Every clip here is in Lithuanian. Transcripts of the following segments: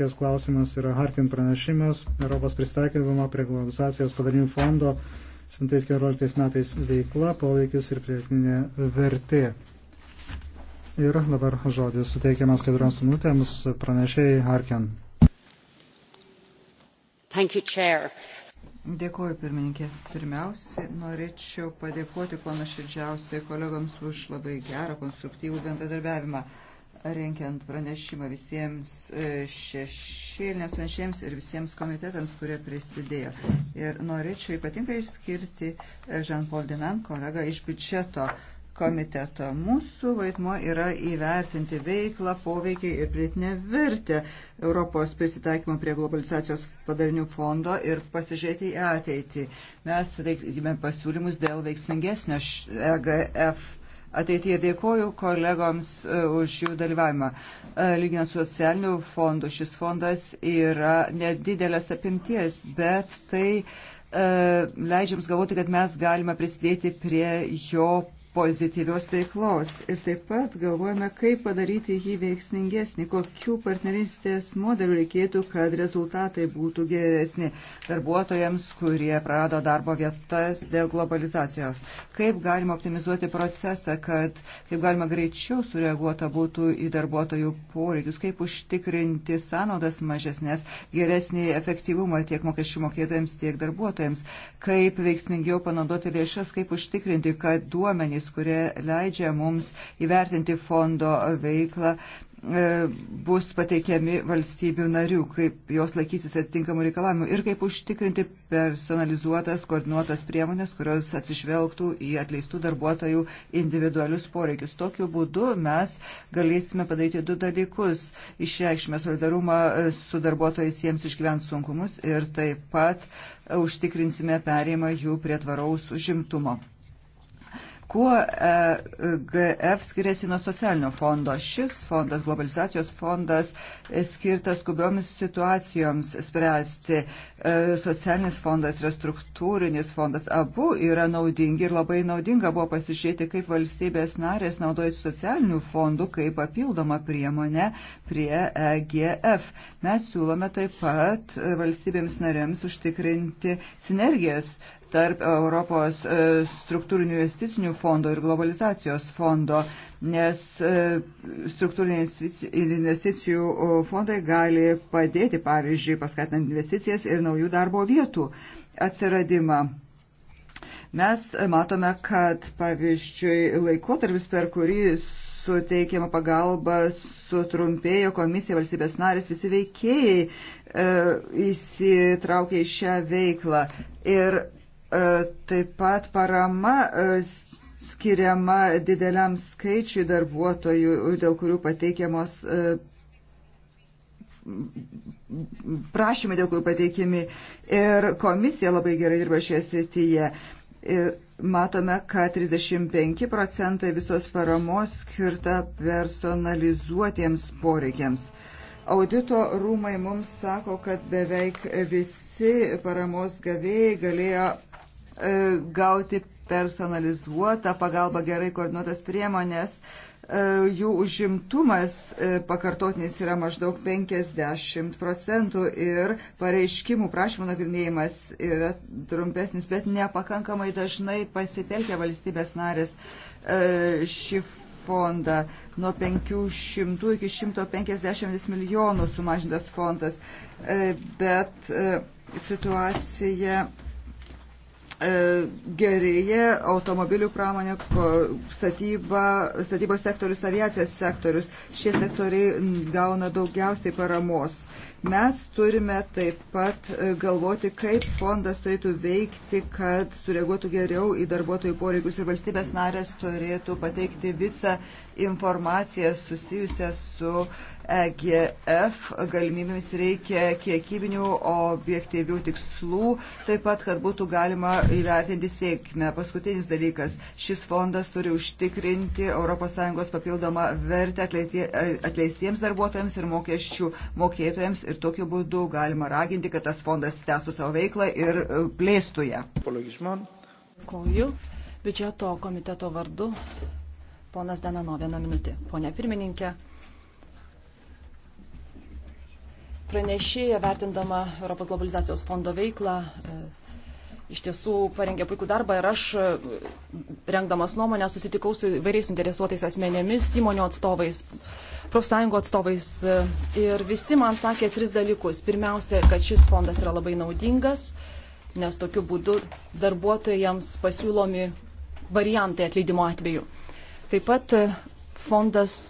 ties klausimas yra Harkin pranešimas Europos pristaikymo prie globalizacijos padarinių fondo 2014 metais veikla, poveikis ir priekinė vertė. Ir dabar žodis suteikiamas keturioms minutėms pranešėjai Harkin. Thank you, Chair. Dėkuoju, pirmininkė. Pirmiausiai norėčiau padėkoti kuo nuoširdžiausiai kolegoms už labai gerą konstruktyvų bendradarbiavimą renkiant pranešimą visiems e, šešėlinės panešėjams ir visiems komitetams, kurie prisidėjo. Ir norėčiau ypatingai išskirti e, Jean-Paul Dinan, kolegą iš biudžeto komiteto. Mūsų vaidmo yra įvertinti veiklą, poveikį ir pritinę vertę Europos prisitaikymo prie globalizacijos padarinių fondo ir pasižiūrėti į ateitį. Mes teikime pasiūlymus dėl veiksmingesnio EGF ateityje. Dėkoju kolegoms e, už jų dalyvavimą. E, Lyginant su socialiniu fondu, šis fondas yra nedidelės apimties, bet tai e, leidžia jums galvoti, kad mes galime prisidėti prie jo pozityvios veiklos ir taip pat galvojame, kaip padaryti jį veiksmingesnį, kokių partnerystės modelių reikėtų, kad rezultatai būtų geresni darbuotojams, kurie prarado darbo vietas dėl globalizacijos. Kaip galima optimizuoti procesą, kad kaip galima greičiau sureaguota būtų į darbuotojų poreikius, kaip užtikrinti sąnaudas mažesnės, geresnį efektyvumą tiek mokesčių mokėtojams, tiek darbuotojams, kaip veiksmingiau panaudoti lėšas, kaip užtikrinti, kad duomenys kurie leidžia mums įvertinti fondo veiklą, e, bus pateikiami valstybių narių, kaip jos laikysis atitinkamų reikalavimų ir kaip užtikrinti personalizuotas, koordinuotas priemonės, kurios atsižvelgtų į atleistų darbuotojų individualius poreikius. Tokiu būdu mes galėsime padaryti du dalykus. Išreikšime solidarumą e, su darbuotojais jiems išgyvent sunkumus ir taip pat e, užtikrinsime perėjimą jų prie tvaraus užimtumo. Kuo e, GF skiriasi nuo socialinio fondo? Šis fondas, globalizacijos fondas, e, skirtas skubiomis situacijoms spręsti. E, socialinis fondas yra struktūrinis fondas. Abu yra naudingi ir labai naudinga buvo pasižiūrėti, kaip valstybės narės naudojasi socialinių fondų kaip papildomą priemonę prie EGF. Mes siūlome taip pat valstybėms narėms užtikrinti sinergijas tarp Europos e, struktūrinių investicinių fondo ir globalizacijos fondo, nes e, struktūriniai investicijų fondai gali padėti, pavyzdžiui, paskatinant investicijas ir naujų darbo vietų atsiradimą. Mes matome, kad, pavyzdžiui, laikotarpis, per kurį suteikiama pagalba, sutrumpėjo komisija, valstybės narės, visi veikėjai e, įsitraukė į šią veiklą. Ir E, taip pat parama e, skiriama dideliam skaičiui darbuotojų, dėl kurių pateikiamos e, prašymai, dėl kurių pateikiami. Ir komisija labai gerai dirba šioje srityje. Ir matome, kad 35 procentai visos paramos skirta personalizuotiems poreikiams. Audito rūmai mums sako, kad beveik visi paramos gavėjai galėjo E, gauti personalizuotą pagalbą, gerai koordinuotas priemonės. E, jų užimtumas e, pakartotinis yra maždaug 50 procentų ir pareiškimų prašymų nagrinėjimas yra trumpesnis, bet nepakankamai dažnai pasitelkia valstybės narės šį fondą. Nuo 500 iki 150 milijonų sumažintas fondas, bet situacija E, gerėja automobilių pramonė, statyba, statybos sektorius, aviacijos sektorius. Šie sektoriai gauna daugiausiai paramos. E, Mes turime taip pat e, galvoti, kaip fondas turėtų veikti, kad sureaguotų geriau į darbuotojų poreikius ir valstybės narės turėtų pateikti visą informaciją susijusią su EGF galimybėmis reikia kiekybinių objektyvių tikslų, taip pat, kad būtų galima įvertinti sėkmę. Paskutinis dalykas. Šis fondas turi užtikrinti ES papildomą vertę atleistiems darbuotojams ir mokesčių mokėtojams ir tokiu būdu galima raginti, kad tas fondas tęstų savo veiklą ir e, plėstų ją. Dėkoju. Biudžeto komiteto vardu ponas Denano vieną minutę. Pone pirmininkė. Pranešėja vertindama Europos globalizacijos fondo veiklą e, iš tiesų parengė puikų darbą ir aš, e, rengdamas nuomonę, susitikau su įvairiais interesuotais asmenėmis, įmonių atstovais, profsąjungų atstovais e, ir visi man sakė tris dalykus. Pirmiausia, kad šis fondas yra labai naudingas, nes tokiu būdu darbuotojams pasiūlomi variantai atleidimo atveju. Taip pat e, fondas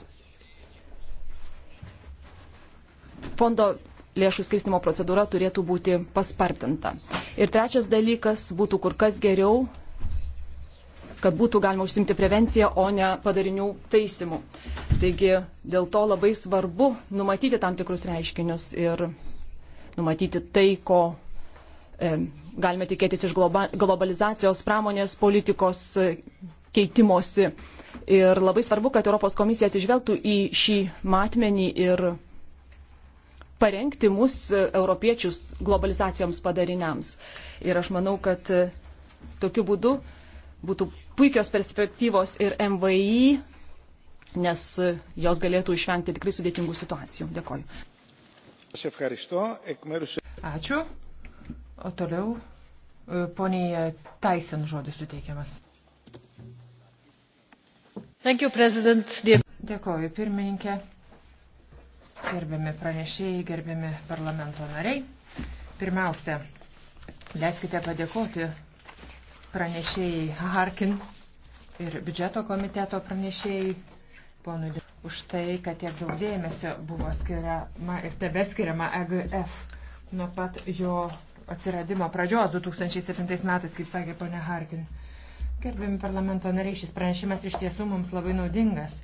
fondo lėšų skirstimo procedūra turėtų būti paspartinta. Ir trečias dalykas būtų kur kas geriau, kad būtų galima užsimti prevenciją, o ne padarinių taisimų. Taigi dėl to labai svarbu numatyti tam tikrus reiškinius ir numatyti tai, ko e, galime tikėtis iš globa, globalizacijos, pramonės, politikos e, keitimosi. Ir labai svarbu, kad Europos komisija atsižvelgtų į šį matmenį ir parengti mus, e, europiečius, globalizacijoms padariniams. Ir aš manau, kad e, tokiu būdu būtų puikios perspektyvos ir MVI, nes e, jos galėtų išvengti tikrai sudėtingų situacijų. Dėkoju. Ačiū. O toliau poniai Taisen žodis suteikiamas. Thank you, President. Dėkoju, pirmininkė gerbiami pranešėjai, gerbiami parlamento nariai. Pirmiausia, leiskite padėkoti pranešėjai Harkin ir biudžeto komiteto pranešėjai ponui už tai, kad tiek daug dėmesio buvo skiriama ir tebe skiriama EGF nuo pat jo atsiradimo pradžios 2007 metais, kaip sakė ponė Harkin. Gerbimi parlamento nariai, šis pranešimas iš tiesų mums labai naudingas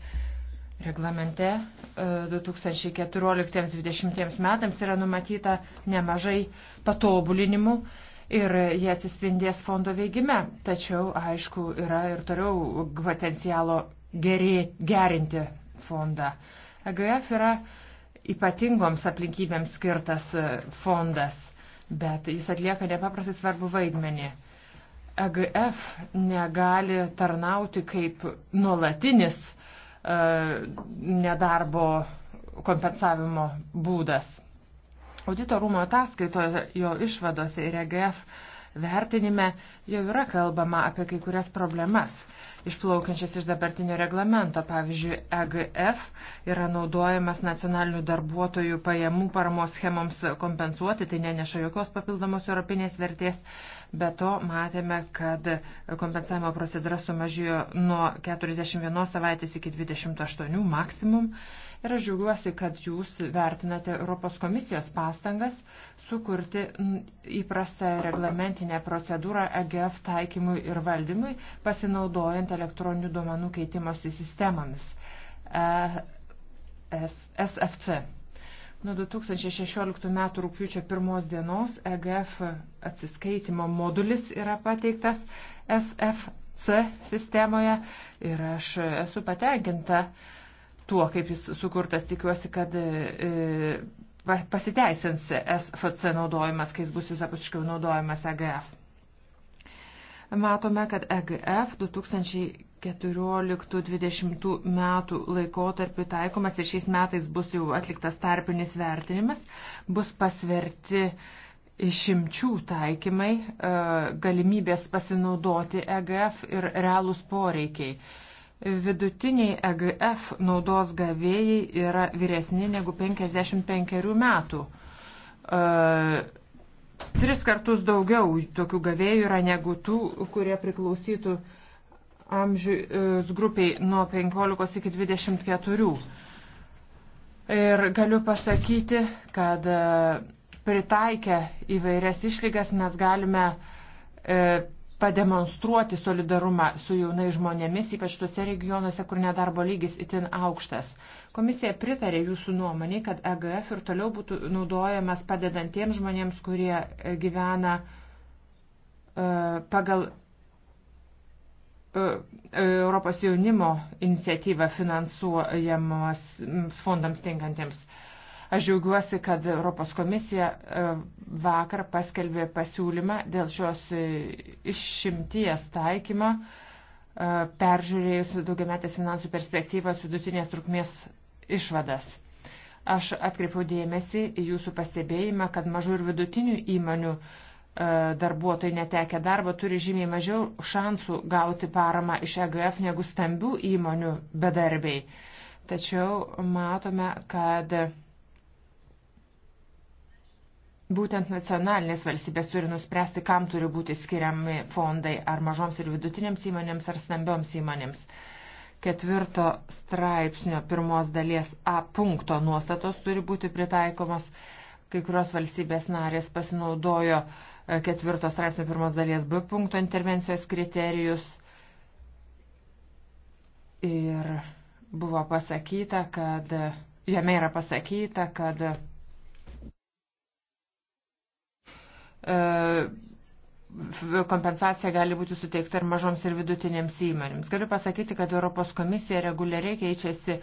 Reglamente 2014-2020 e, metams yra numatyta nemažai patobulinimų ir jie atsispindės fondo veikime. Tačiau, aišku, yra ir toliau potencialo gerė, gerinti fondą. EGF yra ypatingoms aplinkybėms skirtas e, fondas, bet jis atlieka nepaprastai svarbu vaidmenį. EGF negali tarnauti kaip nuolatinis E, nedarbo kompensavimo būdas. Audito rūmo ataskaitoje, jo išvadose ir EGF vertinime jau yra kalbama apie kai kurias problemas išplaukiančias iš dabartinio reglamento. Pavyzdžiui, EGF yra naudojamas nacionalinių darbuotojų pajamų paramos schemoms kompensuoti, tai neneša jokios papildomos europinės vertės. Be to matėme, kad kompensavimo procedūra sumažėjo nuo 41 savaitės iki 28 maksimum. Ir aš džiaugiuosi, kad jūs vertinate Europos komisijos pastangas sukurti įprastą reglamentinę procedūrą EGF taikymui ir valdymui, pasinaudojant elektroninių duomenų keitimosi sistemomis. E SFC. Nuo 2016 m. rūpiučio 1 dienos EGF atsiskaitimo modulis yra pateiktas SFC sistemoje ir aš esu patenkinta, uh, tuo, kaip jis sukurtas. Tikiuosi, kad e, e, pasiteisins SFC naudojimas, kai jis bus visapusiškai naudojamas EGF. Matome, kad EGF 2014-2020 metų laikotarpiu taikomas ir šiais metais bus jau atliktas tarpinis vertinimas, bus pasverti išimčių taikymai, e, galimybės pasinaudoti EGF ir realūs poreikiai vidutiniai EGF naudos gavėjai yra vyresni negu 55 metų. E, tris kartus daugiau tokių gavėjų yra negu tų, kurie priklausytų amžiaus e, grupiai nuo 15 iki 24. Ir galiu pasakyti, kad e, pritaikę įvairias išlygas mes galime e, pademonstruoti solidarumą su jaunai žmonėmis, ypač tuose regionuose, kur nedarbo lygis itin aukštas. Komisija pritarė jūsų nuomonį, kad EGF ir toliau būtų naudojamas padedantiems žmonėms, kurie e, gyvena e, pagal e, Europos jaunimo iniciatyvą finansuojamos fondams tinkantiems. Aš džiaugiuosi, kad Europos komisija e, vakar paskelbė pasiūlymą dėl šios e, išimties taikymą, e, peržiūrėjus daugiametės finansų perspektyvas vidutinės trukmės išvadas. Aš atkreipiau dėmesį į jūsų pastebėjimą, kad mažų ir vidutinių įmonių darbuotojai netekę darbo turi žymiai mažiau šansų gauti paramą iš EGF negu stambių įmonių bedarbiai. Tačiau matome, kad Būtent nacionalinės valstybės turi nuspręsti, kam turi būti skiriami fondai ar mažoms ir vidutinėms įmonėms ar stambioms įmonėms. Ketvirto straipsnio pirmos dalies A punkto nuostatos turi būti pritaikomos. Kai kurios valstybės narės pasinaudojo e, ketvirto straipsnio pirmos dalies B punkto intervencijos kriterijus. Ir buvo pasakyta, kad jame yra pasakyta, kad E, kompensacija gali būti suteikta ir mažoms ir vidutinėms įmonėms. Galiu pasakyti, kad Europos komisija reguliariai keičiasi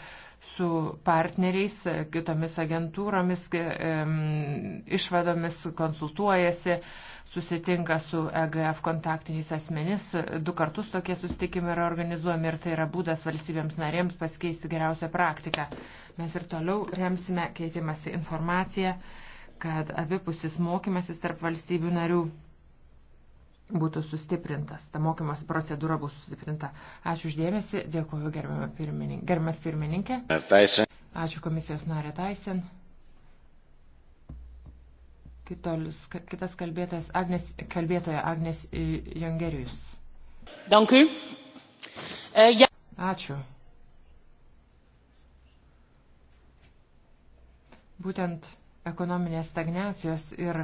su partneriais, kitomis agentūromis, e, išvadomis konsultuojasi, susitinka su EGF kontaktiniais asmenis. Du kartus tokie susitikimai yra organizuojami ir tai yra būdas valstybėms narėms pasikeisti geriausią praktiką. Mes ir toliau remsime keitimąsi informaciją kad abipusis mokymasis tarp valstybių narių būtų sustiprintas, ta mokymosi procedūra bus sustiprinta. Ačiū uždėmesi, dėkoju pirmininkė, gerbiamas pirmininkė. Ačiū komisijos narė Taisen. Kitolis, kitas kalbėtojas Agnes, kalbėtoja Agnes Jongerius. Dankui. E, Ačiū. Būtent ekonominės stagnacijos ir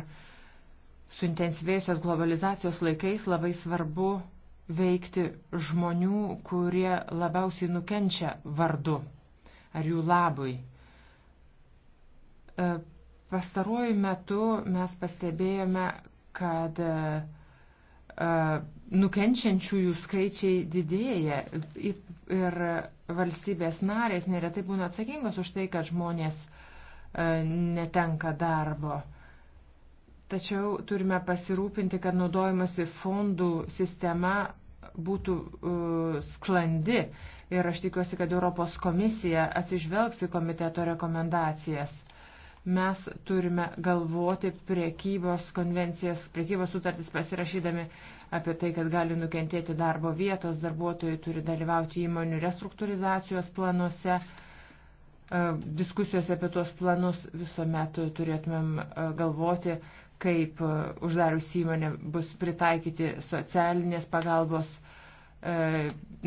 suintensyvėjusios globalizacijos laikais labai svarbu veikti žmonių, kurie labiausiai nukenčia vardu ar jų labui. E, pastaruoju metu mes pastebėjome, kad e, e, nukenčiančiųjų skaičiai didėja ir valstybės narės neretai būna atsakingos už tai, kad žmonės uh, E, netenka darbo. Tačiau turime pasirūpinti, kad naudojimasi fondų sistema būtų uh, sklandi ir aš tikiuosi, kad Europos komisija atsižvelgs į komiteto rekomendacijas. Mes turime galvoti priekybos konvencijas, priekybos sutartis pasirašydami apie tai, kad gali nukentėti darbo vietos, darbuotojai turi dalyvauti įmonių restruktūrizacijos planuose. Uh, diskusijos apie tuos planus visuomet turėtumėm galvoti, kaip uždarius įmonę bus pritaikyti socialinės pagalbos e,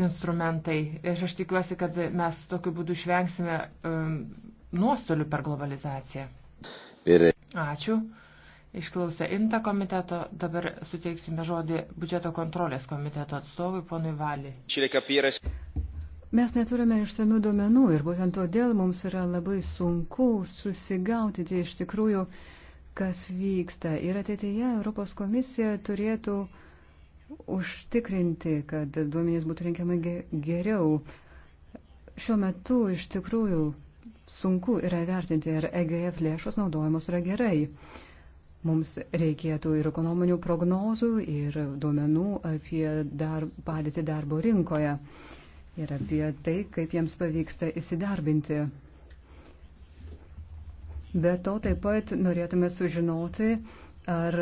instrumentai. Ir aš tikiuosi, kad mes tokiu būdu išvengsime e, nuostolių per globalizaciją. Ačiū. Išklausę INTA komiteto, dabar suteiksime žodį biudžeto kontrolės komiteto atstovui, ponui Valį. Mes neturime išsamių duomenų ir būtent todėl mums yra labai sunku susigautyti iš tikrųjų, kas vyksta. Ir ateityje Europos komisija turėtų užtikrinti, kad duomenys būtų renkiami geriau. Šiuo metu iš tikrųjų sunku yra vertinti, ar EGF lėšos naudojamos yra gerai. Mums reikėtų ir ekonominių prognozų, ir duomenų apie dar, padėtį darbo rinkoje ir apie tai, kaip jiems pavyksta įsidarbinti. Be to taip pat norėtume sužinoti, ar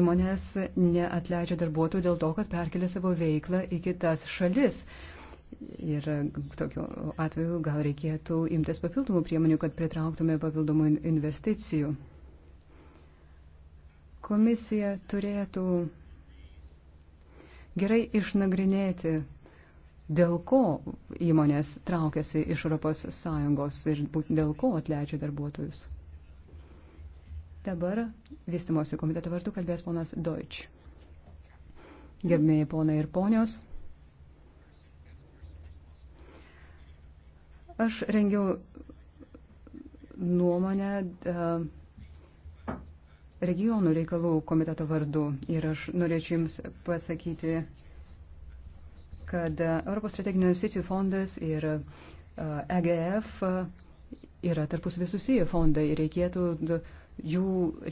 įmonės neatleidžia darbuotojų dėl to, kad perkelia savo veiklą į kitas šalis. Ir tokiu atveju gal reikėtų imtis papildomų priemonių, kad pritrauktume papildomų investicijų. Komisija turėtų gerai išnagrinėti dėl ko įmonės traukiasi iš ES ir dėl ko atleidžia darbuotojus. Dabar vystimosi komiteto vardu kalbės ponas Deutsch. Gerbėjai ponai ir ponios. Aš rengiau nuomonę e, regionų reikalų komiteto vardu ir aš norėčiau Jums pasakyti kad Europos strateginių investicijų fondas ir EGF e e, yra tarpusavį susiję fondai ir reikėtų jų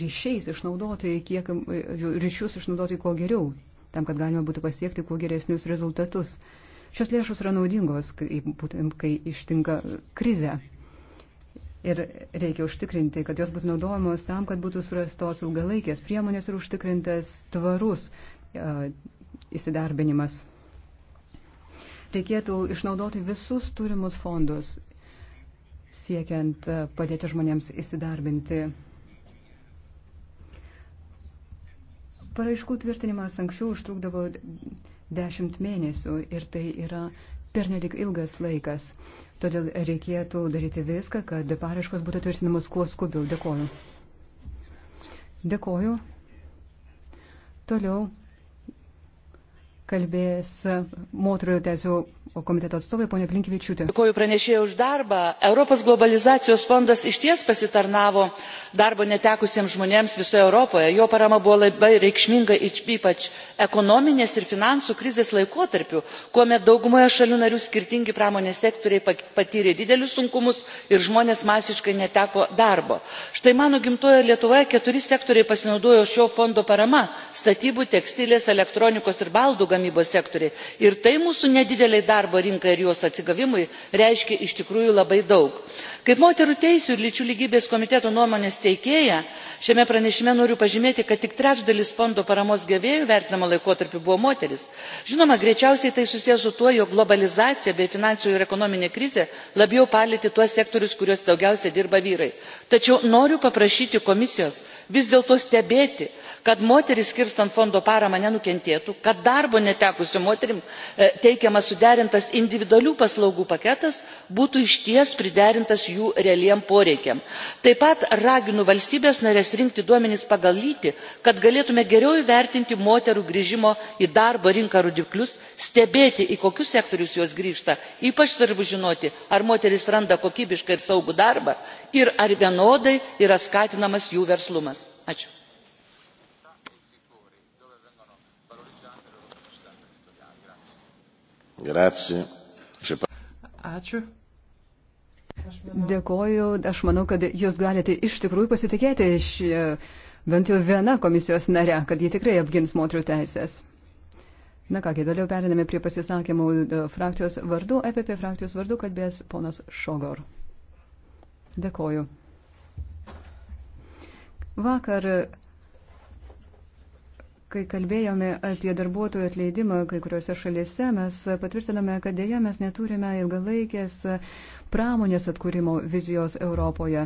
ryšiais išnaudoti, kiek, e, jų ryšius išnaudoti kuo geriau, tam, kad galima būtų pasiekti kuo geresnius rezultatus. Šios lėšos yra naudingos, kai, būtent kai ištinka krize. Ir reikia užtikrinti, kad jos būtų naudojamos tam, kad būtų surastos ilgalaikės priemonės ir užtikrintas tvarus uh, įsidarbinimas reikėtų išnaudoti visus turimus fondus, siekiant e, padėti žmonėms įsidarbinti. Paraiškų tvirtinimas anksčiau užtrukdavo 10 mėnesių ir tai yra pernelik ilgas laikas. Todėl reikėtų daryti viską, kad paraiškos būtų tvirtinamos kuo skubiau. Dėkoju. Dėkoju. Toliau kalbės moterų teisų komiteto atstovė ponia Plinkvičiūtė. Dėkuoju pranešėjai už darbą. Europos globalizacijos fondas išties pasitarnavo darbo netekusiems žmonėms visoje Europoje. Jo parama buvo labai reikšminga ypač ekonominės ir finansų krizės laikotarpiu, kuomet daugumoje šalių narių skirtingi pramonės sektoriai patyrė didelius sunkumus ir žmonės masiškai neteko darbo. Štai mano gimtojoje Lietuvoje keturi sektoriai pasinaudojo šio fondo parama - statybų, tekstilės, elektronikos ir baldų gamybos sektoriai. Ir tai mūsų nedideliai darbo darbo rinkai ir jos atsigavimui reiškia iš tikrųjų labai daug. kaip moterų teisių ir lyčių lygybės komiteto nuomonės teikėja šiame pranešime noriu pažymėti kad tik trečdalis fondo paramos gavėjų vertinamu laikotarpiu buvo moterys. žinoma greičiausiai tai susiję su tuo jog globalizacija bei finansų ir ekonominė krizė labiau palietė tuos sektorius kuriuose daugiausiai dirba vyrai. tačiau noriu paprašyti komisijos vis dėlto stebėti kad moterys skirstant fondo paramą nenukentėtų kad darbo netekusiom moterims e, teikiamas suderintas individualių paslaugų paketas būtų išties priderintas jų realiems poreikiams. taip pat raginu valstybes nares rinkti duomenis pagal lytį kad galėtume geriau įvertinti moterų grįžimo į darbo rinką rodiklius stebėti į kokius sektorius jos grįžta ypač svarbu žinoti ar moterys randa kokybišką ir saugų darbą ir ar vienodai yra skatinamas jų verslumas. Ačiū. Grazie. Ačiū. Dėkoju, aš manau, kad jūs galite iš tikrųjų pasitikėti iš bent jau viena komisijos nare, kad ji tikrai apgins moterių teisės. Na kągi, toliau periname prie pasisakymų frakcijos vardu. EPP frakcijos vardu kalbės ponas Šogor. Dėkoju. Vakar Kai kalbėjome apie darbuotojų atleidimą kai kuriuose šalise, mes patvirtinome, kad dėja mes neturime ilgalaikės pramonės atkūrimo vizijos Europoje.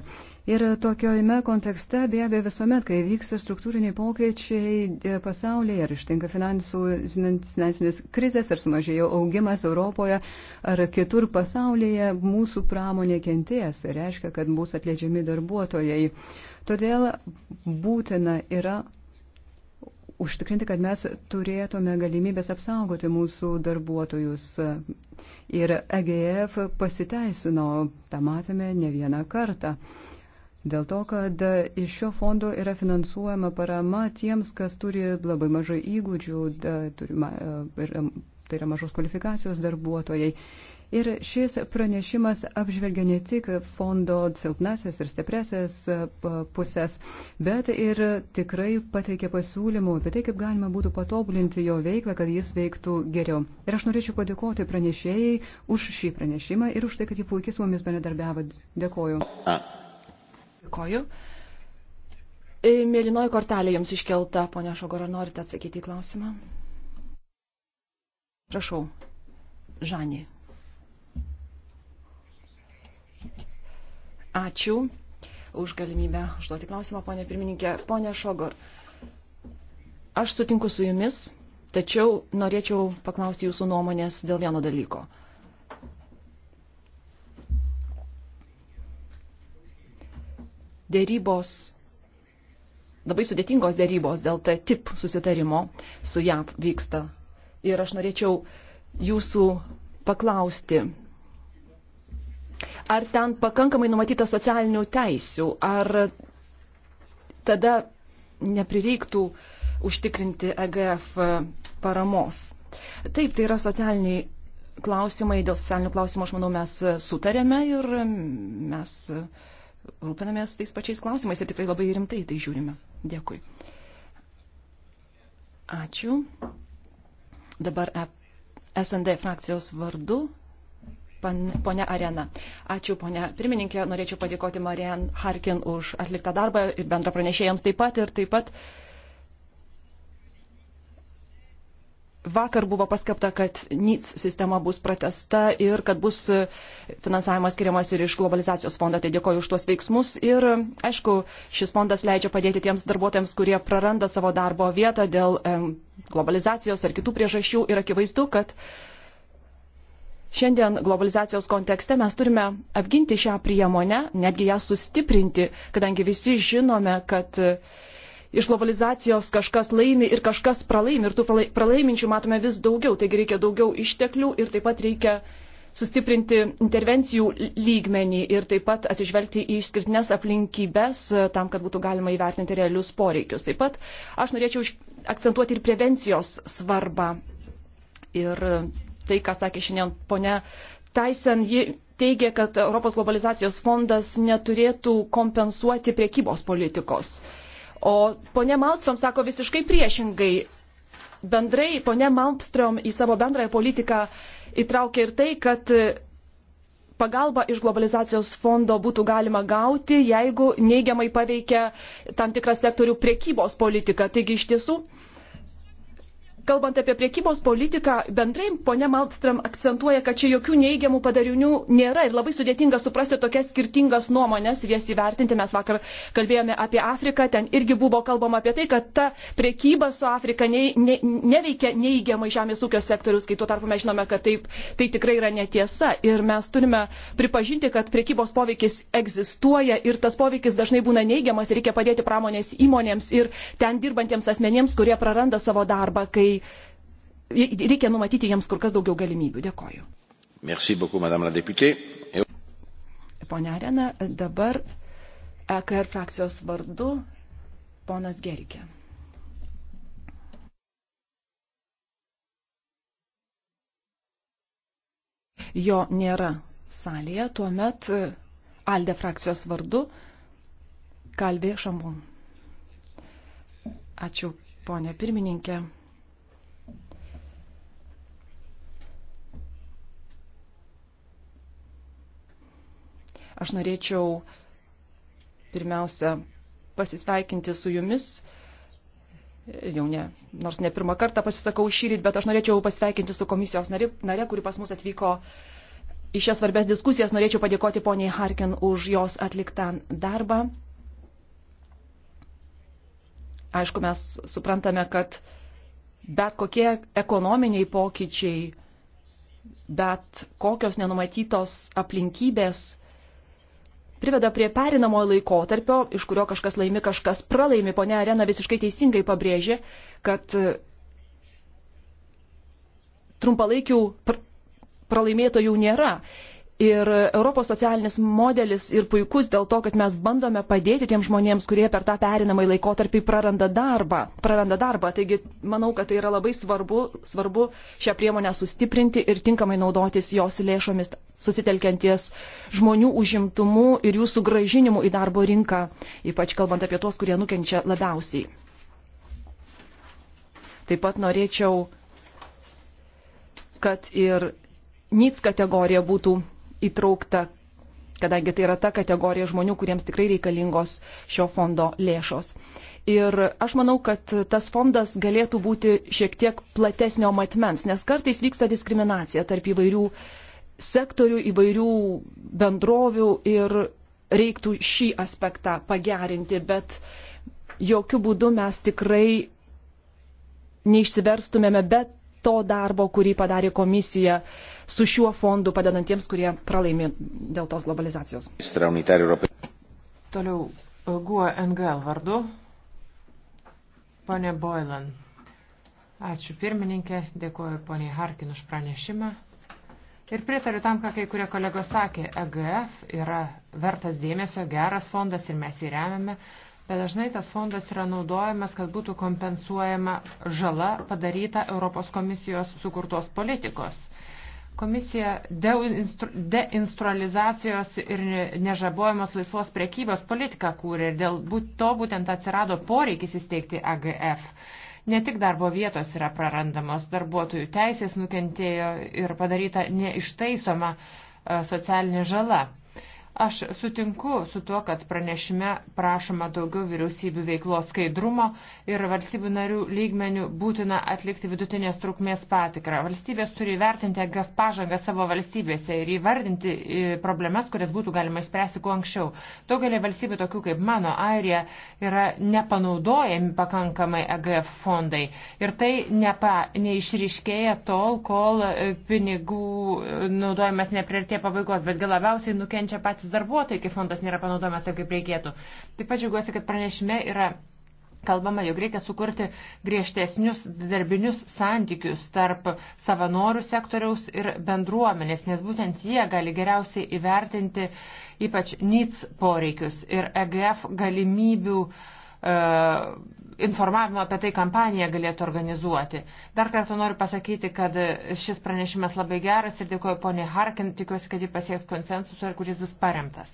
Ir tokiojame kontekste be abejo visuomet, kai vyksta struktūriniai pokyčiai e, pasaulyje, ar ištinka finansų, finansinės krizės, ar sumažėjo augimas Europoje, ar kitur pasaulyje, mūsų pramonė kenties. Tai reiškia, kad bus atleidžiami darbuotojai. Todėl būtina yra užtikrinti, kad mes turėtume galimybės apsaugoti mūsų darbuotojus. Ir EGF pasiteisino, tą matėme ne vieną kartą. Dėl to, kad iš šio fondo yra finansuojama parama tiems, kas turi labai mažai įgūdžių, da, turi, ma, e, ir, tai yra mažos kvalifikacijos darbuotojai. Ir šis pranešimas apžvelgia ne tik fondo silpnasias ir stipresias e, pusės, bet ir tikrai pateikia pasiūlymų apie tai, kaip galima būtų patobulinti jo veiklą, kad jis veiktų geriau. Ir aš norėčiau padėkoti pranešėjai už šį pranešimą ir už tai, kad jį puikiai su mumis bendradarbiavo. Dėkoju. Dėkoju. E, mėlynoji kortelė jums iškelta, ponia Šogora, norite atsakyti į klausimą? Prašau, Žanį. Ačiū už galimybę užduoti klausimą, ponė pirmininkė. Ponė Šogor, aš sutinku su jumis, tačiau norėčiau paklausti jūsų nuomonės dėl vieno dalyko. Dėrybos, labai sudėtingos dėrybos dėl T-tip susitarimo su JAV vyksta. Ir aš norėčiau jūsų paklausti, ar ten pakankamai numatyta socialinių teisių, ar tada neprireiktų užtikrinti EGF paramos. Taip, tai yra socialiniai klausimai, dėl socialinių klausimų, aš manau, mes sutarėme ir mes rūpinamės tais pačiais klausimais ir tikrai labai rimtai tai žiūrime. Dėkui. Ačiū. Dabar e SND frakcijos vardu ponia Arena. Ačiū, ponia pirmininkė. Norėčiau padėkoti Marian Harkin už atliktą darbą ir bendra pranešėjams taip pat. Ir taip pat vakar buvo paskelbta, kad NITS sistema bus pratesta ir kad bus finansavimas skiriamas ir iš globalizacijos fondo. Tai dėkoju už tuos veiksmus. Ir aišku, šis fondas leidžia padėti tiems darbuotojams, kurie praranda savo darbo vietą dėl globalizacijos ar kitų priežasčių. Ir akivaizdu, kad uh, Šiandien globalizacijos kontekste mes turime apginti šią priemonę, netgi ją sustiprinti, kadangi visi žinome, kad iš globalizacijos kažkas laimi ir kažkas pralaimi. Ir tų pralaiminčių matome vis daugiau, taigi reikia daugiau išteklių ir taip pat reikia sustiprinti intervencijų lygmenį ir taip pat atsižvelgti į išskirtinės aplinkybės tam, kad būtų galima įvertinti realius poreikius. Taip pat aš norėčiau akcentuoti ir prevencijos svarbą. Ir tai, ką sakė šiandien ponia Taisen, ji teigia, kad Europos globalizacijos fondas neturėtų kompensuoti priekybos politikos. O ponia Malstrom sako visiškai priešingai. Bendrai ponia Malmstrom į savo bendrąją politiką įtraukė ir tai, kad pagalbą iš globalizacijos fondo būtų galima gauti, jeigu neigiamai paveikia tam tikrą sektorių priekybos politiką. Taigi iš tiesų kalbant apie priekybos politiką, bendrai ponia Malmström akcentuoja, kad čia jokių neigiamų padarinių nėra ir labai sudėtinga suprasti tokias skirtingas nuomonės ir jas įvertinti. Mes vakar kalbėjome apie Afriką, ten irgi buvo kalbama apie tai, kad ta priekyba su Afrika ne, ne, neveikia neigiamai žemės ūkio sektorius, kai tuo tarpu mes žinome, kad taip, tai tikrai yra netiesa. Ir mes turime pripažinti, kad priekybos poveikis egzistuoja ir tas poveikis dažnai būna neigiamas ir reikia padėti pramonės įmonėms ir ten dirbantiems asmenėms, kurie praranda savo darbą, kai tikrai reikia numatyti jiems kur kas daugiau galimybių. Dėkoju. Merci beaucoup, madame la députée. Pone Arena, dabar EKR frakcijos vardu ponas Gerikė. Jo nėra salėje, tuomet Alde frakcijos vardu kalbė Šambon. Ačiū, ponė pirmininkė. Aš norėčiau pirmiausia pasisveikinti su jumis. Jau ne, nors ne pirmą kartą pasisakau šį rytą, bet aš norėčiau pasveikinti su komisijos nare, nare kuri pas mus atvyko į šias svarbės diskusijas. Norėčiau padėkoti poniai Harkin už jos atliktą darbą. Aišku, mes suprantame, kad bet kokie ekonominiai pokyčiai, bet kokios nenumatytos aplinkybės priveda prie perinamojo laikotarpio, iš kurio kažkas laimi, kažkas pralaimi. Pone Arena visiškai teisingai pabrėžė, kad e, trumpalaikių pr pralaimėtojų nėra. Ir Europos socialinis modelis ir puikus dėl to, kad mes bandome padėti tiem žmonėms, kurie per tą perinamąjį laikotarpį praranda darbą. Praranda darbą. Taigi, manau, kad tai yra labai svarbu, svarbu šią priemonę sustiprinti ir tinkamai naudotis jos lėšomis susitelkianties žmonių užimtumu ir jų sugražinimu į darbo rinką, ypač kalbant apie tuos, kurie nukenčia labiausiai. Taip pat norėčiau, kad ir NITS kategorija būtų įtraukta, kadangi tai yra ta kategorija žmonių, kuriems tikrai reikalingos šio fondo lėšos. Ir aš manau, kad tas fondas galėtų būti šiek tiek platesnio matmens, nes kartais vyksta diskriminacija tarp įvairių sektorių, įvairių bendrovių ir reiktų šį aspektą pagerinti, bet jokių būdų mes tikrai neišsiverstumėme bet to darbo, kurį padarė komisija su šiuo fondu padedantiems, kurie pralaimė dėl tos globalizacijos. Toliau Guo NGL vardu. Pone Boylan. Ačiū pirmininkė, dėkuoju poniai Harkin už pranešimą. Ir pritariu tam, ką kai kurie kolegos sakė, EGF yra vertas dėmesio, geras fondas ir mes jį remiame bet dažnai tas fondas yra naudojamas, kad būtų kompensuojama žala padaryta Europos komisijos sukurtos politikos. Komisija deinstrualizacijos ir nežabojamos laisvos priekybos politiką kūrė ir dėl to būtent atsirado poreikis įsteigti AGF. Ne tik darbo vietos yra prarandamos, darbuotojų teisės nukentėjo ir padaryta neištaisoma e, socialinė žala. Aš sutinku su tuo, kad pranešime prašoma daugiau vyriausybių veiklos skaidrumo ir valstybių narių lygmenių būtina atlikti vidutinės trukmės patikrą. Valstybės turi vertinti GAF pažangą savo valstybėse ir įvardinti e, problemas, kurias būtų galima išspręsti kuo anksčiau. Daugelį valstybių, tokių kaip mano, Airija, yra nepanaudojami pakankamai EGF fondai. Ir tai nepa, neišriškėja tol, kol e, pinigų e, naudojimas neprieartė pabaigos, bet gal labiausiai nukenčia patys patys darbuotojai, kai fondas nėra panaudojamas taip, kaip reikėtų. Taip pat džiaugiuosi, kad pranešime yra kalbama, jog reikia sukurti griežtesnius darbinius santykius tarp savanorių sektoriaus ir bendruomenės, nes būtent jie gali geriausiai įvertinti ypač NITS poreikius ir EGF galimybių uh, E, informavimo apie tai kampaniją galėtų organizuoti. Dar kartą noriu pasakyti, kad šis pranešimas labai geras ir dėkoju poniai Harkin, tikiuosi, kad jį pasieks konsensusą ir kuris bus paremtas.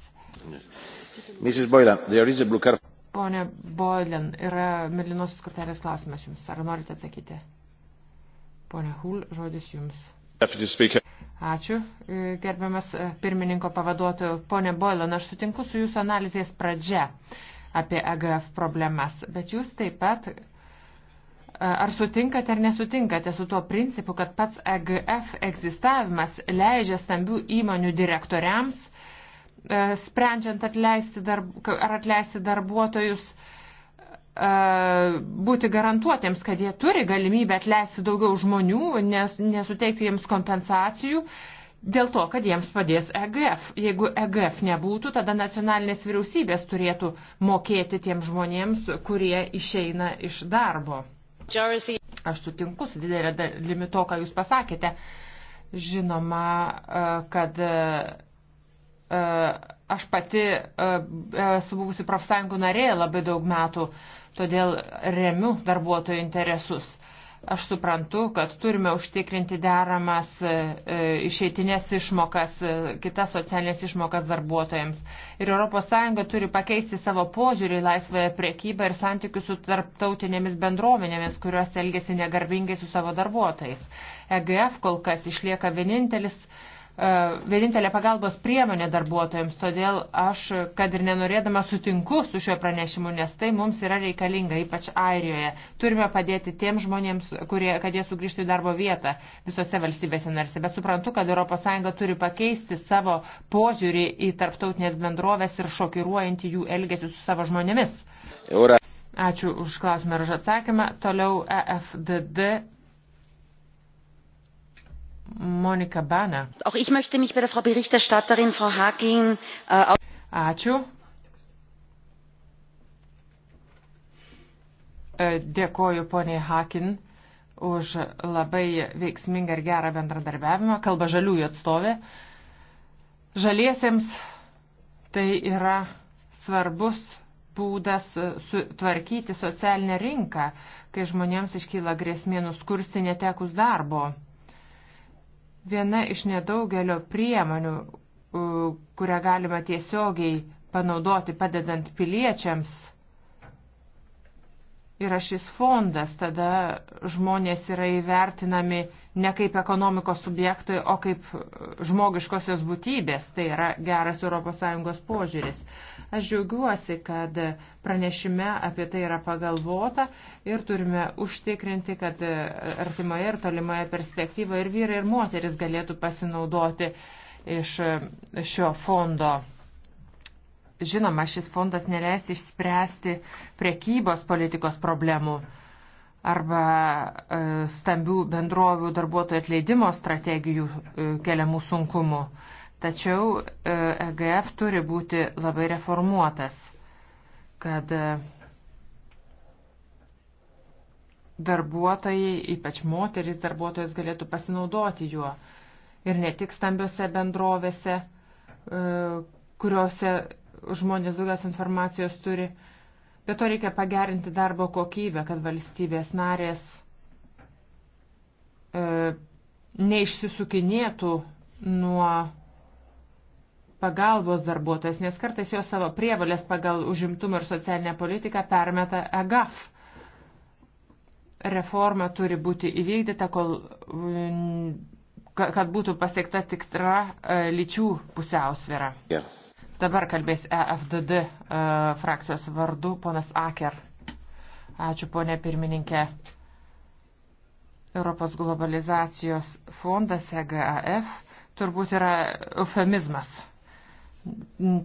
Boylan, Pone Boylan, yra Milinosios kortelės klausimas jums. Ar norite atsakyti? Pone Hul, žodis jums. Ačiū, e, gerbiamas e, pirmininko pavaduotojo. Pone Boylan, aš sutinku su jūsų analizės pradžia. Uh, apie EGF problemas, bet jūs taip pat e, ar sutinkate ar nesutinkate su tuo principu, kad pats EGF egzistavimas leidžia stambių įmonių direktoriams, e, sprendžiant atleisti darb, ar atleisti darbuotojus, e, būti garantuotiems, kad jie turi galimybę atleisti daugiau žmonių, nes, nesuteikti jiems kompensacijų dėl to, kad jiems padės EGF. Jeigu EGF nebūtų, tada nacionalinės vyriausybės turėtų mokėti tiems žmonėms, kurie išeina iš darbo. Aš sutinku su didelė dalimi to, ką jūs pasakėte. Žinoma, e, kad e, e, aš pati esu buvusi profsąjungų narė labai daug metų, todėl remiu darbuotojų interesus. Aš suprantu, kad turime užtikrinti deramas e, e, išeitinės išmokas, e, kitas socialinės išmokas darbuotojams. Ir ES turi pakeisti savo požiūrį į laisvąją priekybą ir santykius su tarptautinėmis bendruomenėmis, kurios elgesi negarbingai su savo darbuotojais. EGF kol kas išlieka vienintelis E, vienintelė pagalbos priemonė darbuotojams, todėl aš, kad ir nenorėdama, sutinku su šiuo pranešimu, nes tai mums yra reikalinga, ypač Airijoje. Turime padėti tiem žmonėms, kurie, kad jie sugrįžtų į darbo vietą visose valstybėse narse. Bet suprantu, kad ES turi pakeisti savo požiūrį į tarptautinės bendrovės ir šokiruojantį jų elgesį su savo žmonėmis. Ačiū už klausimą ir už atsakymą. Toliau EFDD Monika Bana. Auch ich möchte mich bei der Frau Berichterstatterin, Frau Haglin, äh, Ačiū. Äh, dėkoju poniai Hakin už labai veiksmingą ir gerą bendradarbiavimą. Kalba žaliųjų atstovė. Žaliesiems tai yra svarbus būdas e, sutvarkyti socialinę rinką, kai žmonėms iškyla grėsmė nuskursti netekus darbo viena iš nedaugelio priemonių, kurią galima tiesiogiai panaudoti padedant piliečiams yra šis fondas, tada žmonės yra įvertinami ne kaip ekonomikos subjektai, o kaip žmogiškosios būtybės. Tai yra geras ES požiūris. Aš džiaugiuosi, kad pranešime apie tai yra pagalvota ir turime užtikrinti, kad artimoje ir tolimoje perspektyvoje ir vyrai, ir moteris galėtų pasinaudoti iš šio fondo Žinoma, šis fondas neleis išspręsti prekybos politikos problemų arba e, stambių bendrovių darbuotojų atleidimo strategijų e, keliamų sunkumų. Tačiau EGF e turi būti labai reformuotas, kad darbuotojai, ypač moteris darbuotojas, galėtų pasinaudoti juo. Ir ne tik stambiose bendrovėse, kuriuose žmonės daugiausia informacijos turi. Bet to reikia pagerinti darbo kokybę, kad valstybės narės e, neišsisukinėtų nuo pagalbos darbuotojas, nes kartais jos savo prievalės pagal užimtumą ir socialinę politiką permeta EGAF. Reforma turi būti įvykdyta, kol, kad būtų pasiekta tikra e, lyčių pusiausvėra. Yeah. Dabar kalbės EFDD e, frakcijos vardu ponas Aker. Ačiū ponė pirmininkė. Europos globalizacijos fondas EGAF turbūt yra eufemizmas.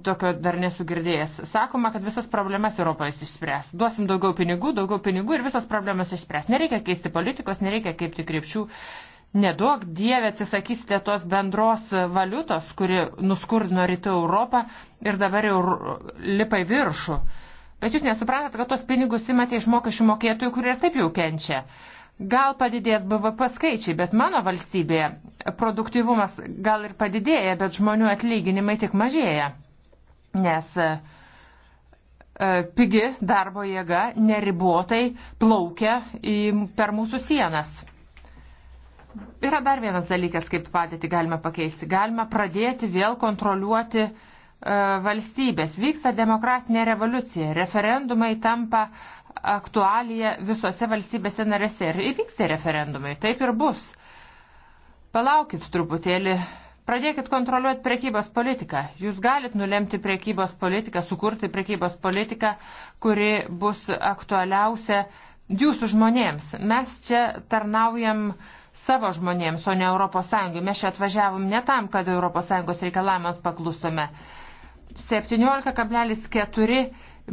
Tokio dar nesugirdėjęs. Sakoma, kad visas problemas Europoje išspręs. Duosim daugiau pinigų, daugiau pinigų ir visas problemas išspręs. Nereikia keisti politikos, nereikia kaip tik krypčių Nedaug dievė atsisakysite tos bendros valiutos, kuri nuskurdino rytų Europą ir dabar jau lipa į viršų. Bet jūs nesuprantat, kad tos pinigus įmate iš mokesčių mokėtojų, kurie ir taip jau kenčia. Gal padidės BVP skaičiai, bet mano valstybėje produktyvumas gal ir padidėja, bet žmonių atlyginimai tik mažėja. Nes uh, pigi darbo jėga neribotai plaukia į, per mūsų sienas. Yra dar vienas dalykas, kaip padėtį galima pakeisti. Galima pradėti vėl kontroliuoti e, valstybės. Vyksta demokratinė revoliucija. Referendumai tampa aktualija visose valstybėse narėse. Ir vyksta referendumai. Taip ir bus. Palaukit truputėlį. Pradėkit kontroliuoti priekybos politiką. Jūs galit nulemti priekybos politiką, sukurti priekybos politiką, kuri bus aktualiausia jūsų žmonėms. Mes čia tarnaujam uh, savo žmonėms, o ne ES. Mes čia atvažiavom ne tam, kad ES reikalavimams paklusome. 17,4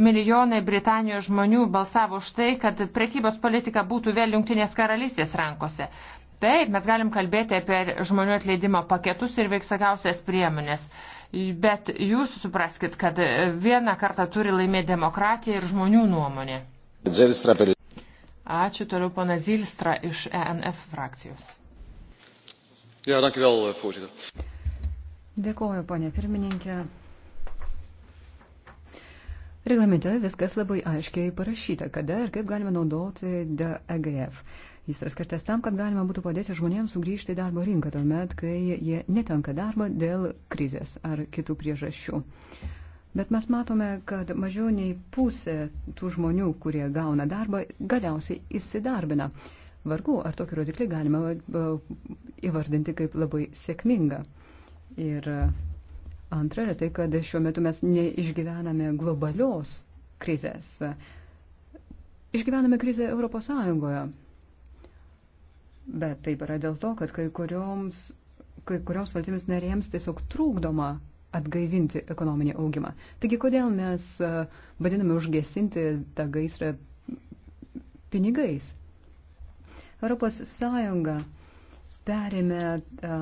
milijonai Britanijos žmonių balsavo už tai, kad prekybos politika būtų vėl Junktinės karalystės rankose. Taip, mes galim kalbėti apie žmonių atleidimo paketus ir veiksagausės priemonės. Bet jūs supraskite, kad vieną kartą turi laimėti demokratija ir žmonių nuomonė. Ačiū toliau pana Zilstra iš ENF frakcijos. Ja, dankjewel, eh, voorzitter. Dėkuoju, ponė pirmininkė. Reglamente viskas labai aiškiai parašyta, kada ir kaip galime naudoti DEGF. Jis yra skirtas tam, kad galima būtų padėti žmonėms sugrįžti į darbo rinką tuomet, kai jie netenka darbo dėl krizės ar kitų priežasčių. Bet mes matome, kad mažiau nei pusė tų žmonių, kurie gauna darbą, galiausiai įsidarbina. Vargu, ar tokį rodiklį galima e, įvardinti kaip labai sėkmingą. Ir e, antra yra tai, kad šiuo metu mes neišgyvename globalios krizės. Išgyvename krizę Europos Sąjungoje. Bet taip yra dėl to, kad kai kurioms, kai kurioms valstybės narėms tiesiog trūkdoma atgaivinti ekonominį augimą. Taigi, kodėl mes e, vadiname užgesinti tą gaisrą pinigais? Europos Sąjunga perėmė e,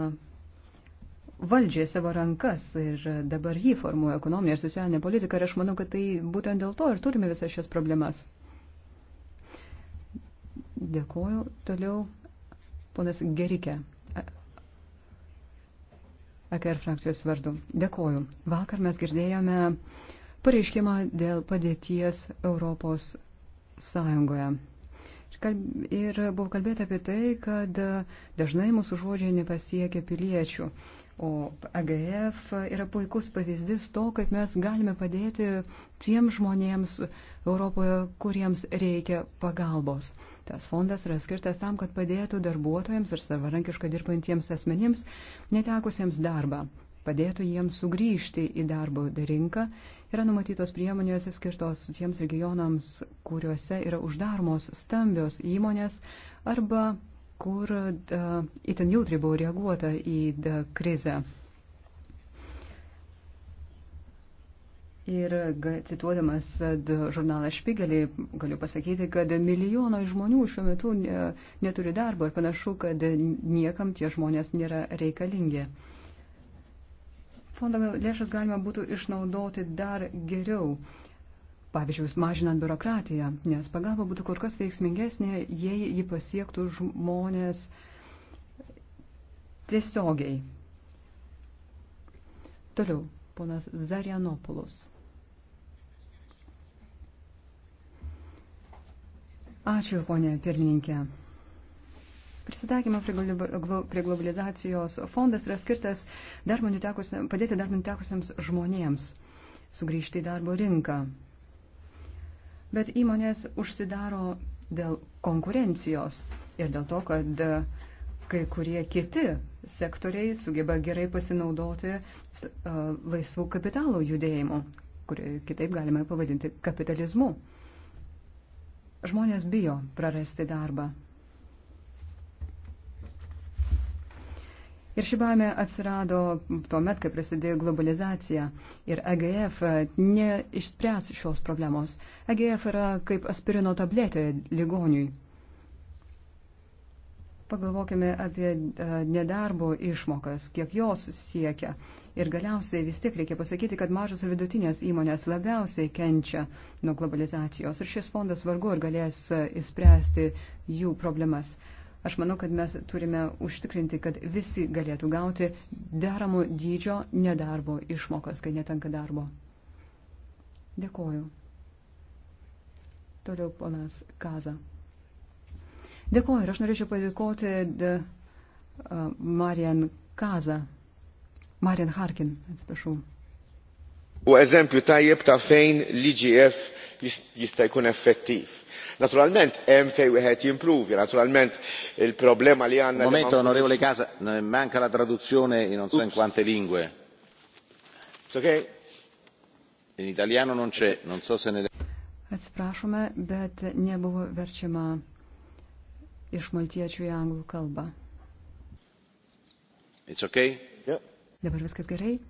valdžią savo rankas ir dabar jį formuoja ekonominė ir socialinė politika ir aš manau, kad tai būtent dėl to ir turime visas šias problemas. Dėkuoju. Toliau ponas Gerike. AKR frakcijos vardu. Dėkoju. Vakar mes girdėjome pareiškimą dėl padėties Europos Sąjungoje. Ir buvo kalbėta apie tai, kad dažnai mūsų žodžiai nepasiekia piliečių. O AGF yra puikus pavyzdys to, kaip mes galime padėti tiem žmonėms Europoje, kuriems reikia pagalbos. Tas fondas yra skirtas tam, kad padėtų darbuotojams ir savarankiškai dirbantiems asmenims netekusiems darbą, padėtų jiems sugrįžti į darbo rinką. Yra numatytos priemonės skirtos tiems regionams, kuriuose yra uždaromos stambios įmonės arba kur e, itin jautri buvo reaguota į e, krizę. Ir cituodamas e, žurnalą Špigelį, galiu pasakyti, kad milijonai žmonių šiuo metu neturi darbo ir panašu, kad niekam tie žmonės nėra reikalingi. Fondo lėšas galima būtų išnaudoti dar geriau. Pavyzdžiui, mažinant biurokratiją, nes pagalba būtų kur kas veiksmingesnė, jei ji pasiektų žmonės tiesiogiai. Toliau, ponas Zarianopoulos. Ačiū, ponė pirmininkė. Prisitaikymo prie globalizacijos fondas yra skirtas darbo padėti darbo netekusiems žmonėms sugrįžti į darbo rinką bet įmonės užsidaro dėl konkurencijos ir dėl to, kad e, kai kurie kiti sektoriai sugeba gerai pasinaudoti e, laisvų kapitalo judėjimu, kurį kitaip galime pavadinti kapitalizmu. Žmonės bijo prarasti darbą. Ir ši baimė atsirado tuo met, kai prasidėjo globalizacija. Ir EGF neišspręs šios problemos. EGF yra kaip aspirino tabletė ligoniui. Pagalvokime apie e, nedarbo išmokas, kiek jos siekia. Ir galiausiai vis tiek reikia pasakyti, kad mažos ir vidutinės įmonės labiausiai kenčia nuo globalizacijos ir šis fondas vargu ar galės įspręsti e, jų problemas. Aš manau, kad mes turime užtikrinti, kad visi galėtų gauti deramų dydžio nedarbo išmokas, kai netenka darbo. Dėkoju. Toliau ponas Kaza. Dėkoju ir aš norėčiau padėkoti de, uh, Marian Kaza. Marian Harkin, atsiprašau u eżempju tajjeb ta' fejn l-igf jista' jkun effettiv. Naturalment hemm fejn wieħed jimprovja, naturalment il-problema li għandna. Momento onorevole Casa, manca la traduzione in non so in quante lingue. Okay. In italiano non c'è, non so se ne Atsiprašome, bet nebuvo verčiama iš maltiečių į anglų kalbą. It's okay? Yeah. Dabar viskas gerai?